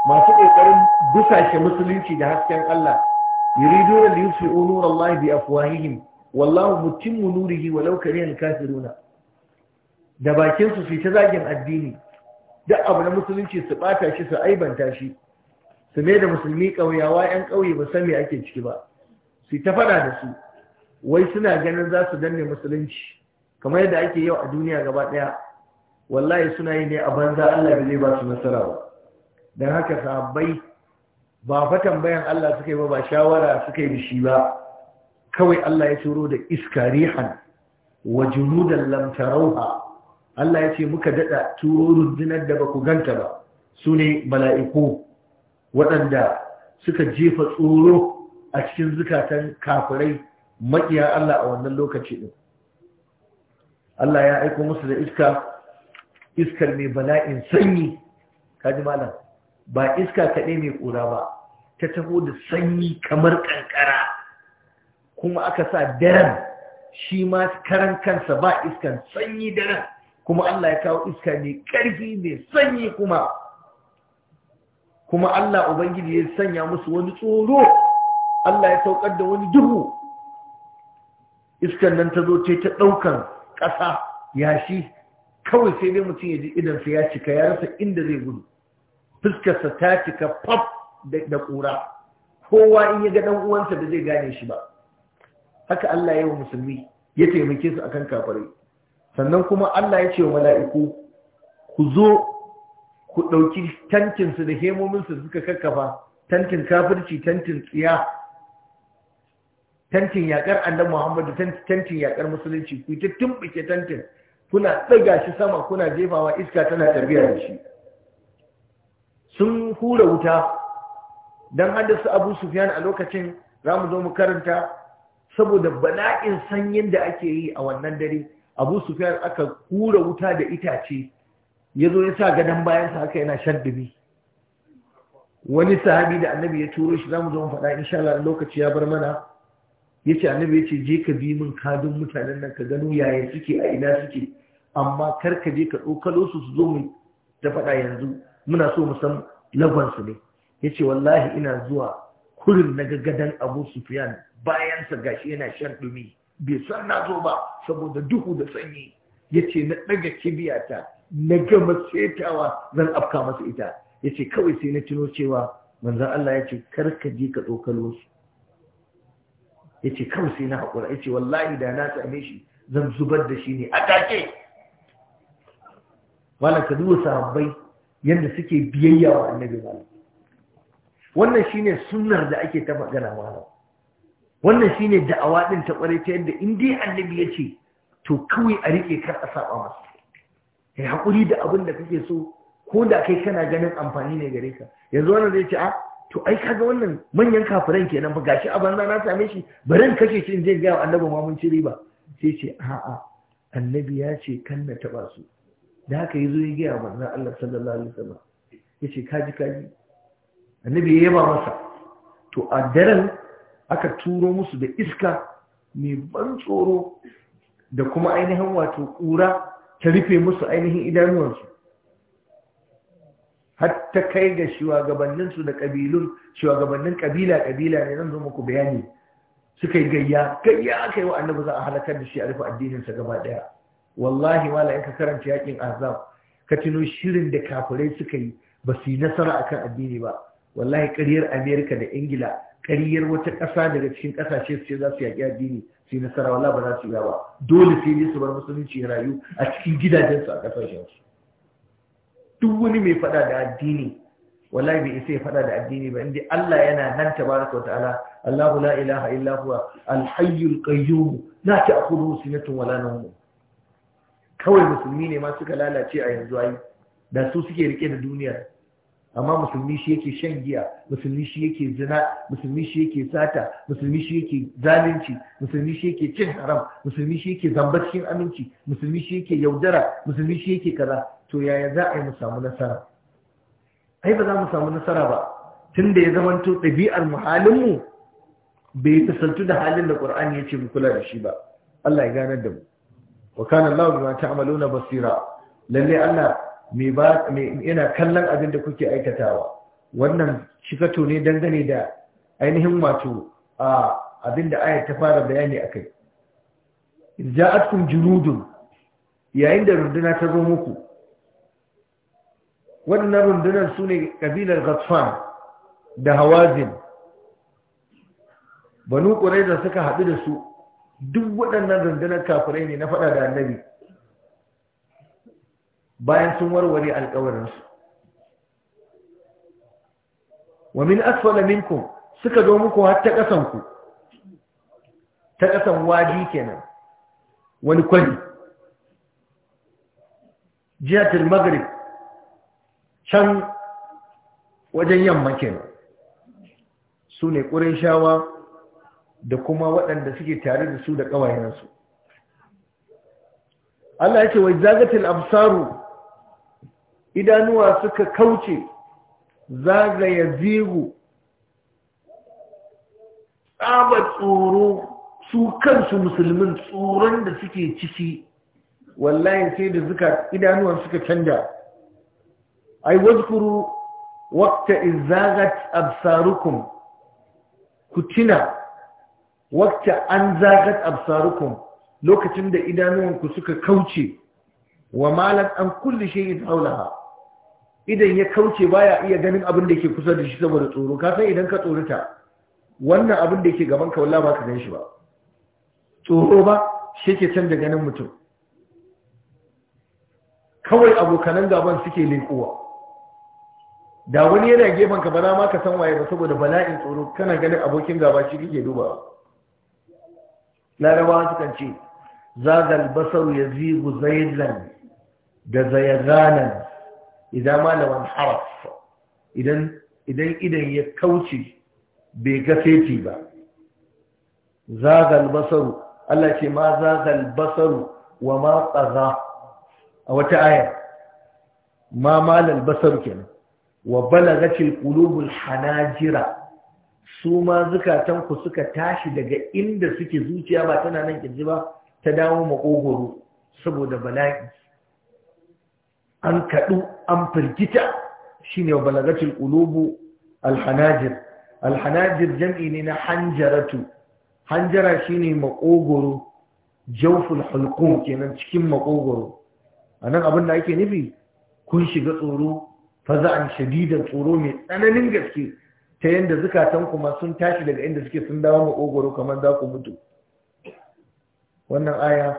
masu ƙoƙarin dusashe musulunci da hasken Allah yuridu da yusfi'u nurallahi bi afwahihim wallahu mutimmu nurihi walau karihal kafiruna da bakin su fita zagin addini duk abu na musulunci su bata shi su aibanta shi su ne da musulmi ƙauyawa 'yan ƙauye ba san me ake ciki ba su ta fada da su wai suna ganin za su danne musulunci kamar yadda ake yau a duniya gaba ɗaya wallahi suna yi ne a banza Allah da zai ba su nasara ba don haka sahabbai ba fa tambayan Allah suka yi ba ba shawara suka yi da shi ba kawai Allah ya turo da iska rihan wa junudan lam Allah ya ce muka dada turo rundunar da baku ganta ba su ne bala'iku waɗanda suka jefa tsoro a cikin zukatan kafirai Maƙiya Allah a wannan lokaci ɗin Allah ya aiko musu da iska iskar mai bala'in sanyi kaji malam ba iska kaɗai mai ƙura ba ta taho da sanyi kamar ƙanƙara kuma aka sa daren shi ma karan kansa ba iskan sanyi daren kuma Allah ya kawo iska mai ƙarfi mai sanyi kuma kuma Allah Ubangiji ya sanya musu wani tsoro Allah ya saukar da wani duhu iskan nan ta zo ce ta ɗaukan ƙasa yashi kawai sai dai mutum ya ji idansa ya cika ya rasa inda zai gudu fuskarsa ta cika faf da ƙura kowa in ya ga ɗan uwansa da zai gane shi ba haka Allah ya yi wa musulmi ya taimake su akan kafare sannan kuma Allah ya ce wa mala'iku ku zo ku ɗauki tankinsu da hemominsu suka kakkafa tantin kafirci tantin tsiya tantin yakar annabi Muhammadu tantin yakar musulunci ku ta tumbuke tantin kuna tsaga shi sama kuna jefawa iska tana tarbiya da shi sun hura wuta don haddasa abu sufyan a lokacin za mu zo mu karanta saboda bala'in sanyin da ake yi a wannan dare abu sufyan aka hura wuta da itace ya zo ya sa gadon sa haka yana shan wani sahabi da annabi ya turo shi za mu zo mu faɗa insha Allah lokaci ya bar mana Ya ce, annabi ce, je ka bi min kadun mutanen nan ka gano yaya suke a ina suke amma kar ka je ka ɗaukalo su su zo mu ta faɗa yanzu muna so mu san lagonsu ne Ya ce, wallahi ina zuwa kurin na gagadan abu sufiyan sa gashi yana shan ɗumi bai san na zo ba saboda duhu da sanyi Ya ce na ɗaga kibiyata na gama setawa zan afka masa ita Ya ce kawai sai na tuno cewa manzon Allah ya ce, kar ka je ka ɗaukalo su ya ce kawai sai na haƙura ya ce wallahi da na same shi zan zubar da shi ne a take malam ka duba sahabbai yadda suke biyayya wa annabi malam wannan shine sunar da ake ta magana malam wannan shine da'awa ɗin ta ƙwarai ta yadda in dai annabi ya ce to kawai a riƙe kar a saba masa kai haƙuri da abin da kake so ko da kai kana ganin amfani ne gare ka yanzu wannan zai ce a ah, to ai kaga wannan manyan kafiran kenan ba gashi a banza na same shi barin kashe shi zai je ga annabi ma mun ci riba sai ce a'a annabi ya ce kan na taba su da haka yazo ya gaya manzo Allah sallallahu alaihi wasallam yace kaji kaji annabi ya yaba masa to a daren aka turo musu da iska mai ban tsoro da kuma ainihin wato kura ta rufe musu ainihin idanuwansu ta kai ga shugabanninsu da ƙabilun shugabannin ƙabila-ƙabila ne zan zo muku bayani suka yi gayya gayya aka yi wa annabi za a halakar da shi a rufe addininsa gaba ɗaya wallahi wala in ka karanta yakin azab ka tuno shirin da kafirai suka yi ba su yi nasara a kan addini ba wallahi ƙaryar amerika da ingila ƙaryar wata ƙasa daga cikin ƙasashe su ce za su yaƙi addini su yi nasara wala ba za su yi ba dole sai ne su bar musulunci ya rayu a cikin gidajensu a ƙasashensu duk wani mai fada da addini wallahi bai isa ya faɗa da addini ba inda Allah yana nan tabaraka ta'ala Allahu la ilaha illa huwa al-hayyul qayyum la ta'khudhuhu sinatun wala nawm kawai musulmi ne ma suka lalace a yanzu ai da su suke rike da duniya amma musulmi shi yake shan giya musulmi shi yake zina musulmi shi yake sata musulmi shi yake zalunci musulmi shi yake cin haram musulmi shi yake zamba cikin aminci musulmi shi yake yaudara musulmi shi yake kaza to yaya za a yi mu samu nasara ai ba za mu samu nasara ba tun da ya zamanto ɗabi'ar mu halinmu bai tasaltu da halin da ƙur'ani ya ce mu kula da shi ba Allah ya ganar da mu wa kana Allah bima ta'maluna basira lalle Allah me ba yana kallon abin da kuke aikatawa wannan shikato ne dangane da ainihin wato a abin da ayat ta fara bayani akai askin junudun yayin da runduna ta zo muku wannan rundunar su ne ƙabilar gatsfan da hawazin banu da suka haɗu da su duk waɗannan rundunar kafirai ne na faɗa da annabi bayan sun warware alƙawarinsu wa min asfala minkum suka zo muku har ta ƙasanku ta ƙasan waji kenan wani kwari jihatul maghrib can wajen yamma kenan su ne shawa da kuma waɗanda suke tare da su da ƙawayensu Allah ya ce wai zagatil absaru idanuwa suka kauce zagaya zigu tsaba tsoro su kansu musulmin tsoron da suke ciki wallahi sai da zuka idanuwan suka canja ai wazkuru waqta izagat absarukum ku waqta an zagat absarukum lokacin da idanuwanku suka kauce wa malan an kulli shay'in ta'ulaha, idan ya kauce baya iya ganin abin da yake kusa da shi saboda tsoro ka san idan ka tsorita wannan abin da yake gaban ka wallahi ba ka gan shi ba tsoro ba shi ke canza ganin mutum kawai abokanan gaban suke leƙuwa da wani yana gefen ka bana ma ka san waye ba saboda bala'in tsoro kana ganin abokin gaba shi duba dubawa larabawa sukan ce zagal basaru yazigu zaylan da zayaganan idan ma lawan haraf idan idan idan ya kauce bai ga feti ba zagal basaru Allah ce ma zagal basaru wa ma tsaza a wata ayar ma malal basaru kenan wa balagatil qulubul hanajira su ma zukatan ku suka tashi daga inda suke zuciya ba tana nan kirji ba ta dawo makogoro saboda bala'i an kadu an firgita shine wa balagatil qulubu alhanajir alhanajir jam'i ne na hanjaratu hanjara shine makogoro jawful hulqum kenan cikin makogoro anan abin da ake nufi kun shiga tsoro faza'an shadidan tsoro mai tsananin gaske ta yanda zukatan kuma sun tashi daga inda suke sun dawo ogoro kamar za ku mutu wannan aya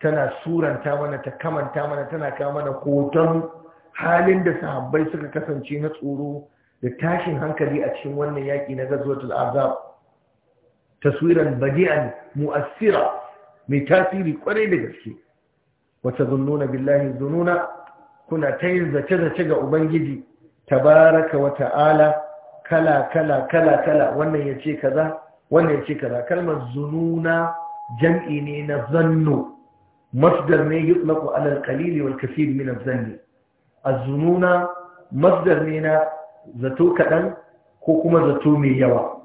tana suranta mana ta kamanta mana tana kawo mana hoton halin da sahabbai suka kasance na tsoro da tashin hankali a cikin wannan yaƙi na gazwatul azab taswiran badi'an mu'assira mai tasiri kwarai da gaske wata zununa billahi zununa kuna ta yin zace-zace ga ubangiji tabaraka wataala kala kala kala kala wannan ya ce kaza wannan ya ce kaza kalmar zununa jam'i ne na zanno masdar ne yutlaqu ala al-qalil wal kaseer min zanni zununa masdar ne na zato kaɗan ko kuma zato mai yawa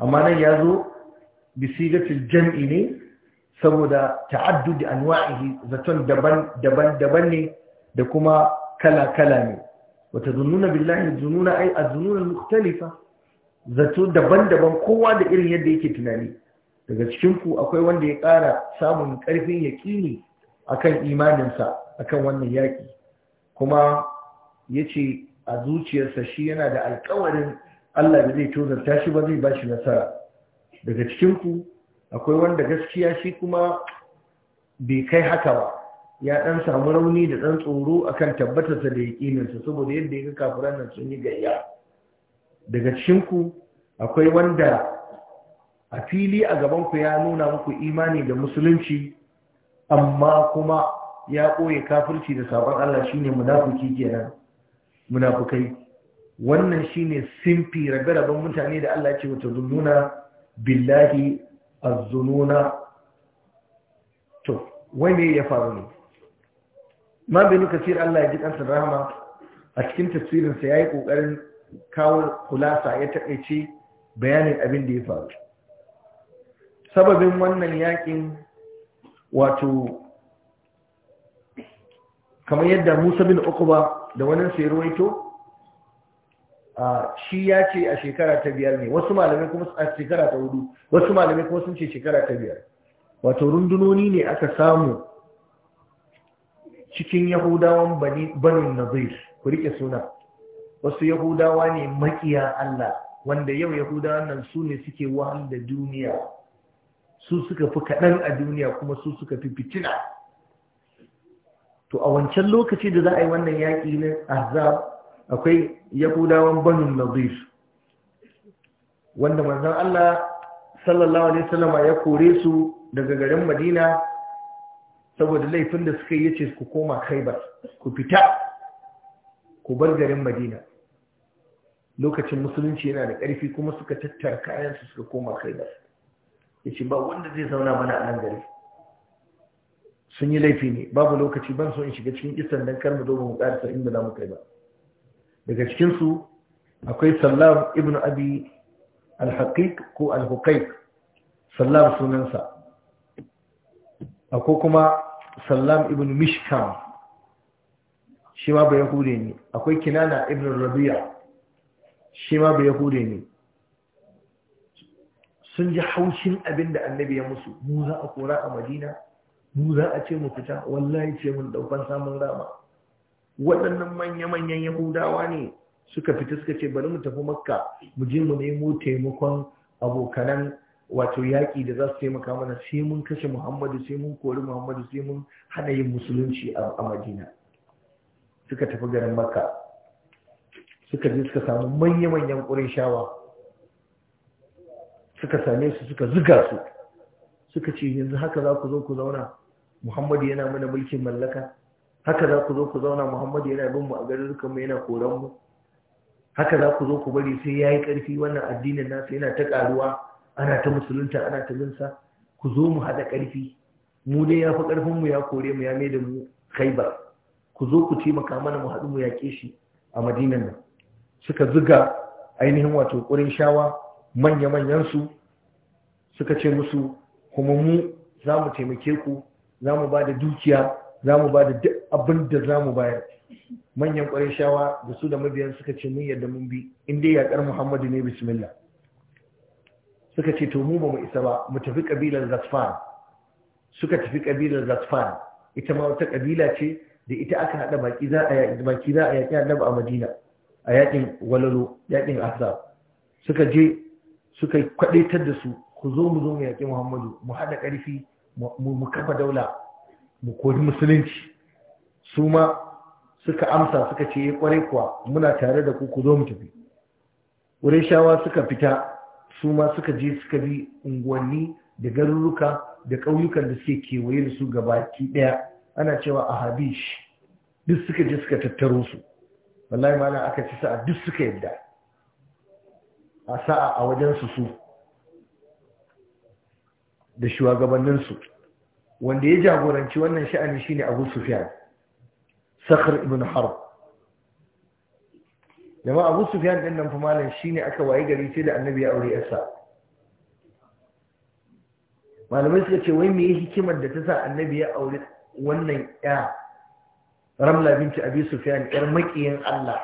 amma nan ya yazo bisigatul jam'i ne saboda ta'addud anwa'ihi zaton daban daban daban ne da kuma kala-kala ne wata zununa billahi zununa ai a zununan mukhtalifa zato daban-daban kowa da irin yadda yake tunani daga cikinku akwai wanda ya kara samun karfin yaƙini akan imaninsa akan wannan yaƙi kuma ya ce a zuciyarsa shi yana da alƙawarin Allah da zai tozarta shi ba zai ba shi nasara daga cikinku akwai wanda gaskiya shi kuma bai kai haka ba ya ɗan samu rauni da ɗan tsoro akan tabbatarsa da yaƙininsa saboda yadda ya ga kafiran sun yi gayya daga cikinku akwai wanda a fili a gabanku ya nuna muku imani da musulunci amma kuma ya ɓoye kafirci da sabon Allah shine munafiki kenan munafukai wannan shine simfi rabe-raben mutane da Allah ce wata zununa billahi azzununa to wai ya faru ne ma bani kasir Allah ya ji kansa rahama a cikin tafsirinsa ya yi ƙoƙarin kawo kulasa ya taƙaice bayanin abin da ya faru sababin wannan yakin wato kamar yadda musa bin ukuba da wani sai ruwaito shi ya ce a shekara ta biyar ne wasu malamai kuma a shekara ta hudu wasu malamai kuma sun ce shekara ta biyar wato rundunoni ne aka samu cikin yahudawan banin nazir ku rike suna wasu yahudawa ne makiya Allah wanda yau yahudawan nan su ne suke wahal da duniya su suka fi kaɗan a duniya kuma su suka fi fitina to a wancan lokaci da za a yi wannan yaƙi na azab akwai yahudawan banin nazir wanda manzon Allah sallallahu alaihi wasallama ya kore su daga garin Madina saboda laifin da suka yi ce ku koma Khaibar ku fita ku bar garin Madina lokacin musulunci yana da ƙarfi kuma suka tattara kayansu suka koma Khaibar yace ba wanda zai zauna mana a nan gari sun yi laifi ne babu lokaci ban so in shiga cikin kisan dan kar mu zo mu karasa inda za mu kai ba daga cikin su akwai Sallam ibn Abi al-Haqiq ko al-Huqaiq Sallam sunansa ko kuma sallam ibn mishkam shi ma ba yahude ne akwai kinana ibn rabi'a shi ma ba yahude ne sun ji haushin abin da annabi ya musu mu za a kora a madina mu za a ce mu fita wallahi ce mun daukan samun rama waɗannan manya-manyan yahudawa ne suka fita suka ce bari mu tafi makka mu je mu nemo taimakon abokanan wato yaƙi da za su taimaka mana sai mun kashe muhammadu sai mun kori muhammadu sai mun hana yin musulunci a madina suka tafi garin maka. suka je suka samu manya-manyan ƙurin shawa, suka same su suka zuga su suka ce yanzu haka za ku zo ku zauna muhammadu yana mana mulkin mallaka haka za ku zo ku zauna muhammadu yana bin mu a mu, yana mu. haka za ku zo ku bari sai ya yi ƙarfi wannan addinin nasa yana ta ƙaruwa ana ta musulunta ana ta binsa ku zo mu haɗa ƙarfi mu dai ya fi mu ya kore mu ya mai da mu khaibar ku zo ku taimaka mana mu haɗu mu yaƙe shi a madinan nan suka zuga ainihin wato ƙurin shawa manya-manyansu suka ce musu kuma mu za mu taimake ku za mu ba da dukiya za mu ba da abin da za mu bayar manyan ƙwarin shawa da su da mabiyan suka ce mun yadda mun bi inda yaƙar muhammadu ne bismillah suka ce to mu ba mu isa ba mu tafi kabilar Zatfan suka tafi kabilar Zatfan ita ma wata kabila ce da ita aka hada baki za a yaki baki za a yaki Annabi a Madina a yakin Walalo yakin Ahzab suka je suka kwadaitar da su ku zo mu zo mu yaki Muhammadu mu hada karfi mu kafa daula mu kori musulunci su ma suka amsa suka ce kwarai eh, kuwa muna tare da ku ku zo mu tafi shawa suka fita su ma suka je suka bi unguwanni da garuruka da ƙauyukan da suke kewaye da su gabaki ɗaya ana cewa a habish duk suka je suka tattaro su wallahi ma aka ci sa'a duk suka yadda a sa'a a wajen su da shugabanninsu wanda ya jagoranci wannan sha'ani shine abu sufyan Sakhr ibn harb jama'a abu sufyan da nan fa malam shine aka waye gari sai da annabi ya aure yarsa malamai suka ce wai meye hikimar da ta sa annabi ya aure wannan ya ramla binti abi sufyan yar makiyin Allah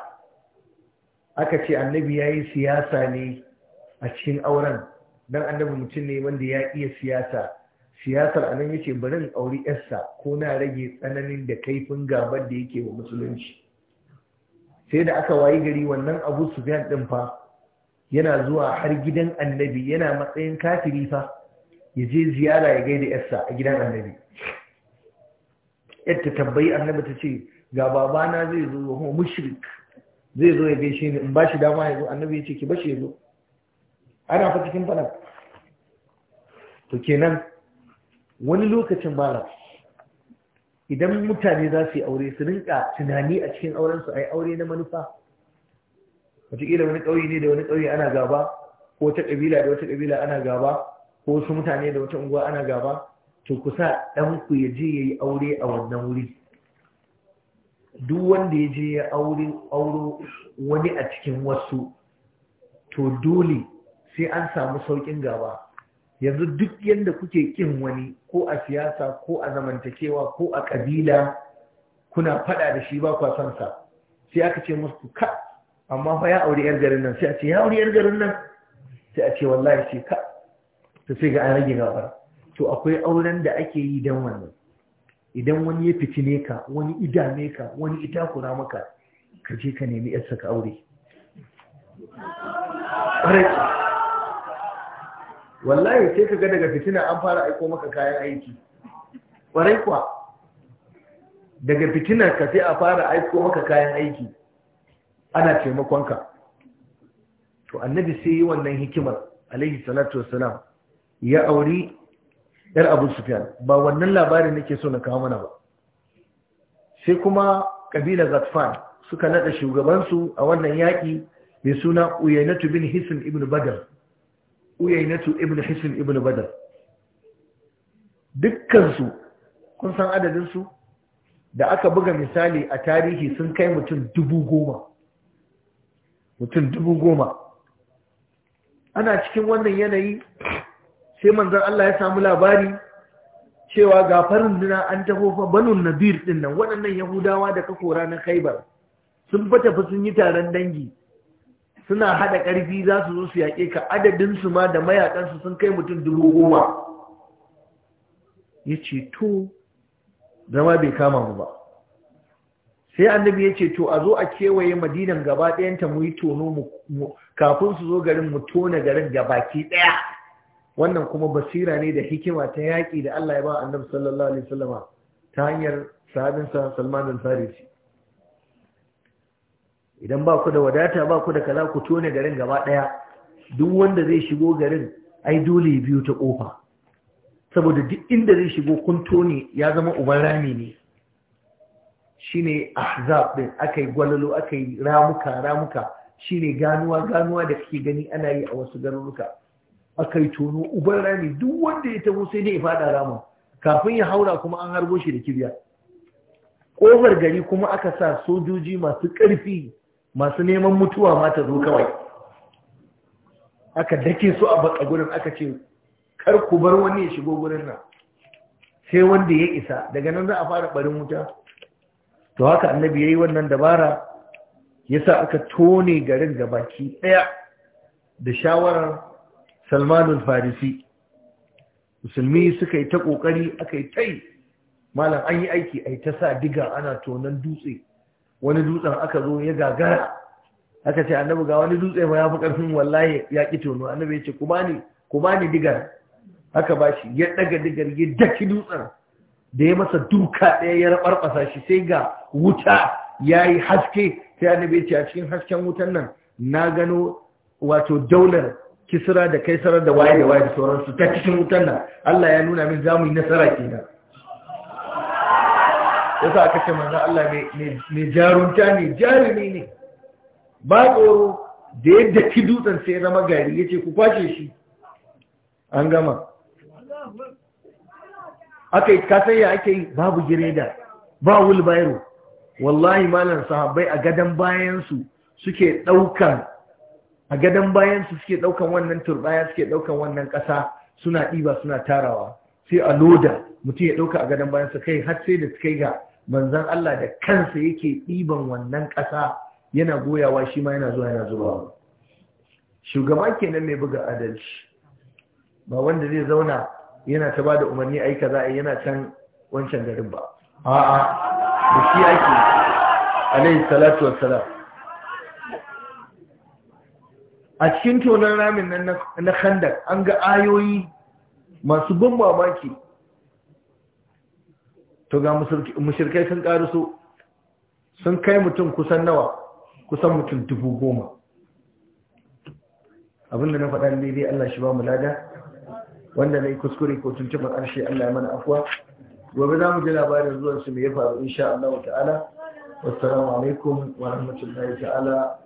aka ce annabi ya yi siyasa ne a cikin auren dan annabi mutum ne wanda ya iya siyasa siyasar anan yace bari in auri yarsa ko na rage tsananin da kaifin gabar da yake wa musulunci sai da aka wayi gari wannan abu su fiye ɗin fa yana zuwa har gidan annabi yana matsayin kafiri fa ya je ziyara ya gaida yarsa a gidan annabi yadda tambayi annabi ta ce ga babana zai zo wa mushrik zai zo ya gaishe ni in ba shi dama ya zo annabi ya ce ki bashi ya zo ana fa cikin fana to kenan wani lokacin bara idan mutane za su yi aure su rinka tunani a cikin aurensu a yi aure na manufa wataƙila wani ƙauye ne da wani ƙauye ana gaba ko wata ƙabila da wata ƙabila ana gaba ko wasu mutane da wata unguwa ana gaba to ku sa ɗanku ya je ya yi aure a wannan wuri duk wanda ya je ya auro wani a cikin wasu to dole sai an samu sauƙin gaba yanzu duk yadda kuke kin wani ko a siyasa ko a zamantakewa ko a kabila kuna fada da shi ba kwa sa sai aka ce musu ka amma fa ya aure yar garin nan sai a ce ya aure yar garin nan sai a ce wallahi sai ka to sai ga an rage gaba to akwai auren da ake yi dan wannan idan wani ya fici ne ka wani idame ka wani ita kura maka ka je ka nemi yarsa ka aure wallahi sai ka ga daga fitina an fara aiko maka kayan aiki ƙwarai kuwa daga fitina ka sai a fara aiko maka kayan aiki ana taimakonka to annabi sai yi wannan hikimar alaihi salatu wassalam ya auri yar abu sufyan ba wannan labarin nake so na kawo mana ba sai kuma kabila zatfan suka nada shugabansu a wannan yaƙi mai suna uyainatu bin hisin ibn badar uyainatu ibn hisn ibn badar dukkansu kun san adadinsu da aka buga misali a tarihi sun kai mutum dubu goma mutum dubu goma ana cikin wannan yanayi sai manzan Allah ya samu labari cewa ga farin an tafofa banun nabir din waɗannan yahudawa da kakora na khaibar sun fata fa sun yi taron dangi suna haɗa ƙarfi za su zo su yaƙe ka adadinsu ma da mayaƙansu sun kai mutum dubu goma ya ce to zama bai kama mu ba sai annabi ya ce to a zo a kewaye madinan gaba ɗayanta mu yi tono kafin su zo garin mu tona garin baki ɗaya wannan kuma basira ne da hikima ta yaƙi da Allah ya ba annabi sallallahu alaihi wasallama ta hanyar sahabinsa Salman al-Farisi idan ba ku da wadata ba ku da kaza ku tone garin gaba ɗaya duk wanda zai shigo garin ai dole biyu ta kofa saboda duk inda zai shigo kun tone ya zama uban rami ne shine ahzab din akai gwalalo akai ramuka ramuka shine ganuwa ganuwa da kake gani ana yi a wasu garuruka Akai tono uban rami duk wanda ya taho sai dai ya fada rama. kafin ya haura kuma an harbo shi da kibiya ƙofar gari kuma aka sa sojoji masu ƙarfi masu neman mutuwa ma ta zo kawai aka dake su a baka gurin aka ce kar ku bar wani ya shigo gurin nan sai wanda ya isa daga nan za a fara barin wuta to haka annabi ya yi wannan dabara yasa aka tone garin ga baki ɗaya da shawarar Salmanul Farisi musulmi suka yi ta kokari aka yi tai malam an yi aiki ai ta sa diga ana tonan dutse wani dutsen aka zo ya gagara aka ce annabi ga wani dutse ba ya fi ƙarfin wallahi ya ki tono annabi ya ce kuma kuma digar aka bashi, shi ya ɗaga digar ya daki dutsen da ya masa duka ɗaya ya rabarbasa shi sai ga wuta ya yi haske sai annabi ya ce a cikin hasken wutan nan na gano wato daular Kisira da Kaisar da waye da waye da sauransu ta cikin wutan nan Allah ya nuna min zamu yi nasara kenan yasa aka ce manzan Allah mai jarunta ne jarumi ne ba tsoro da yadda ki dutsen sai zama gari ya ce ku kwace shi an gama aka yi kasaiya ake yi babu gireda ba wilbairo wallahi malam sahabbai a gadon bayansu suke daukan a gadon bayansu suke ɗaukan wannan turbaya suke ɗaukan wannan kasa suna ɗiba suna tarawa sai a loda mutum ya ɗauka a gadon bayansa kai har sai da su kai ga manzan Allah da kansa yake ɗiban wannan ƙasa yana goyawa shi ma yana zuwa yana zuwa shugaba kenan mai buga adalci ba wanda zai zauna yana ta ba da umarni aika za a yana can wancan garin ba a'a da shi ake alai salatu wassalam a cikin tonon ramin nan na khandak an ga ayoyi masu ban mamaki to ga mushirkai sun su sun kai mutum kusan nawa kusan mutum dubu goma abinda na faɗa dai Allah shi ba mu lada wanda na yi kuskure ko tun tuntuɓar ƙarshe Allah ya mana afuwa gobe za mu ji labarin zuwan su mai ya faru insha Allah ta'ala wassalamu alaikum wa rahmatullahi ta'ala